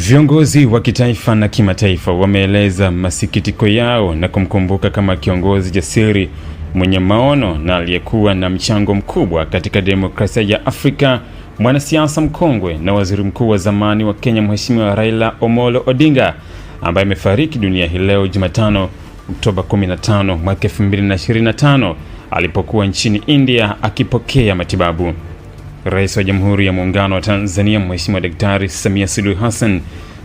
Viongozi wa kitaifa na kimataifa wameeleza masikitiko yao na kumkumbuka kama kiongozi jasiri mwenye maono na aliyekuwa na mchango mkubwa katika demokrasia ya Afrika, mwanasiasa mkongwe na waziri mkuu wa zamani wa Kenya, Mheshimiwa Raila Omolo Odinga ambaye amefariki dunia hii leo Jumatano, Oktoba 15 mwaka 2025 alipokuwa nchini India akipokea matibabu. Rais wa Jamhuri ya Muungano wa Tanzania Mheshimiwa Daktari Samia Suluhu Hassan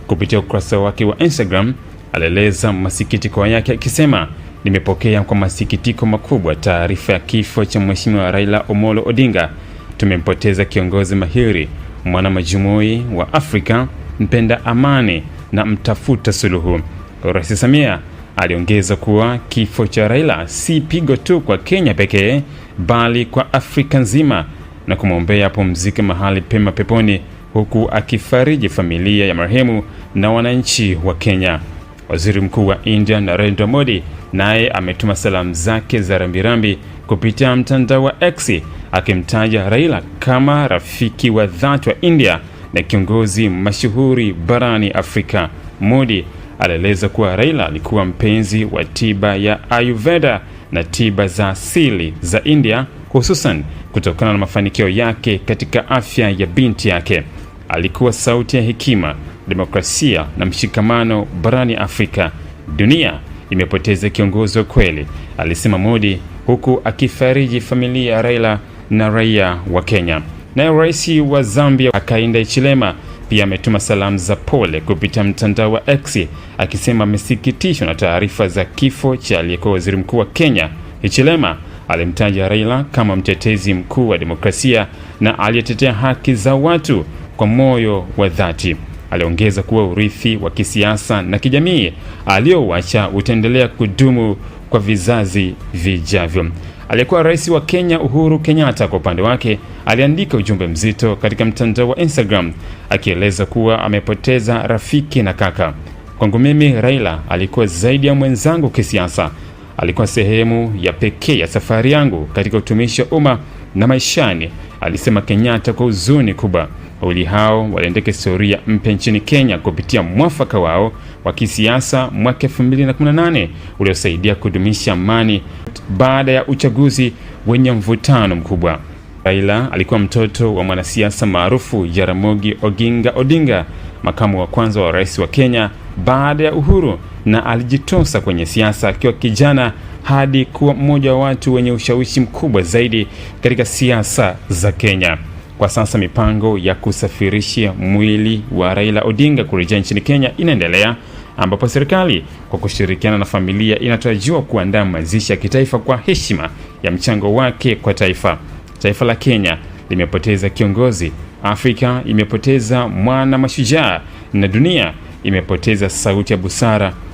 kupitia ukurasa wake wa Instagram alieleza masikitiko yake akisema, nimepokea kwa masikitiko makubwa taarifa ya kifo cha Mheshimiwa Raila Omolo Odinga. Tumempoteza kiongozi mahiri, mwana majumui wa Afrika, mpenda amani na mtafuta suluhu. Rais Samia aliongeza kuwa kifo cha Raila si pigo tu kwa Kenya pekee, bali kwa Afrika nzima na kumwombea pumzike mahali pema peponi huku akifariji familia ya marehemu na wananchi wa Kenya. Waziri Mkuu wa India Narendra Modi naye ametuma salamu zake za rambirambi kupitia mtandao wa X akimtaja Raila kama rafiki wa dhati wa India na kiongozi mashuhuri barani Afrika. Modi alieleza kuwa Raila alikuwa mpenzi wa tiba ya Ayurveda na tiba za asili za India hususan kutokana na mafanikio yake katika afya ya binti yake. Alikuwa sauti ya hekima, demokrasia na mshikamano barani Afrika. Dunia imepoteza kiongozi wa kweli, alisema Modi, huku akifariji familia ya Raila na raia wa Kenya. Naye rais wa Zambia Hakainde Hichilema pia ametuma salamu za pole kupitia mtandao wa X akisema amesikitishwa na taarifa za kifo cha aliyekuwa waziri mkuu wa Kenya. Hichilema alimtaja Raila kama mtetezi mkuu wa demokrasia na aliyetetea haki za watu kwa moyo wa dhati. Aliongeza kuwa urithi wa kisiasa na kijamii aliyowacha utaendelea kudumu kwa vizazi vijavyo. Aliyekuwa rais wa Kenya Uhuru Kenyatta kwa upande wake aliandika ujumbe mzito katika mtandao wa Instagram akieleza kuwa amepoteza rafiki na kaka. Kwangu mimi Raila alikuwa zaidi ya mwenzangu kisiasa alikuwa sehemu ya pekee ya safari yangu katika utumishi wa umma na maishani, alisema Kenyatta kwa huzuni kubwa. Wawili hao waliandika historia mpya nchini Kenya kupitia mwafaka wao wa kisiasa mwaka 2018 uliosaidia kudumisha amani baada ya uchaguzi wenye mvutano mkubwa. Raila alikuwa mtoto wa mwanasiasa maarufu Jaramogi Oginga Odinga, makamu wa kwanza wa rais wa Kenya baada ya uhuru na alijitosa kwenye siasa akiwa kijana hadi kuwa mmoja wa watu wenye ushawishi mkubwa zaidi katika siasa za Kenya. Kwa sasa mipango ya kusafirisha mwili wa Raila Odinga kurejea nchini Kenya inaendelea, ambapo serikali kwa kushirikiana na familia inatarajiwa kuandaa mazishi ya kitaifa kwa heshima ya mchango wake kwa taifa. Taifa la Kenya limepoteza kiongozi, Afrika imepoteza mwana mashujaa, na dunia imepoteza sauti ya busara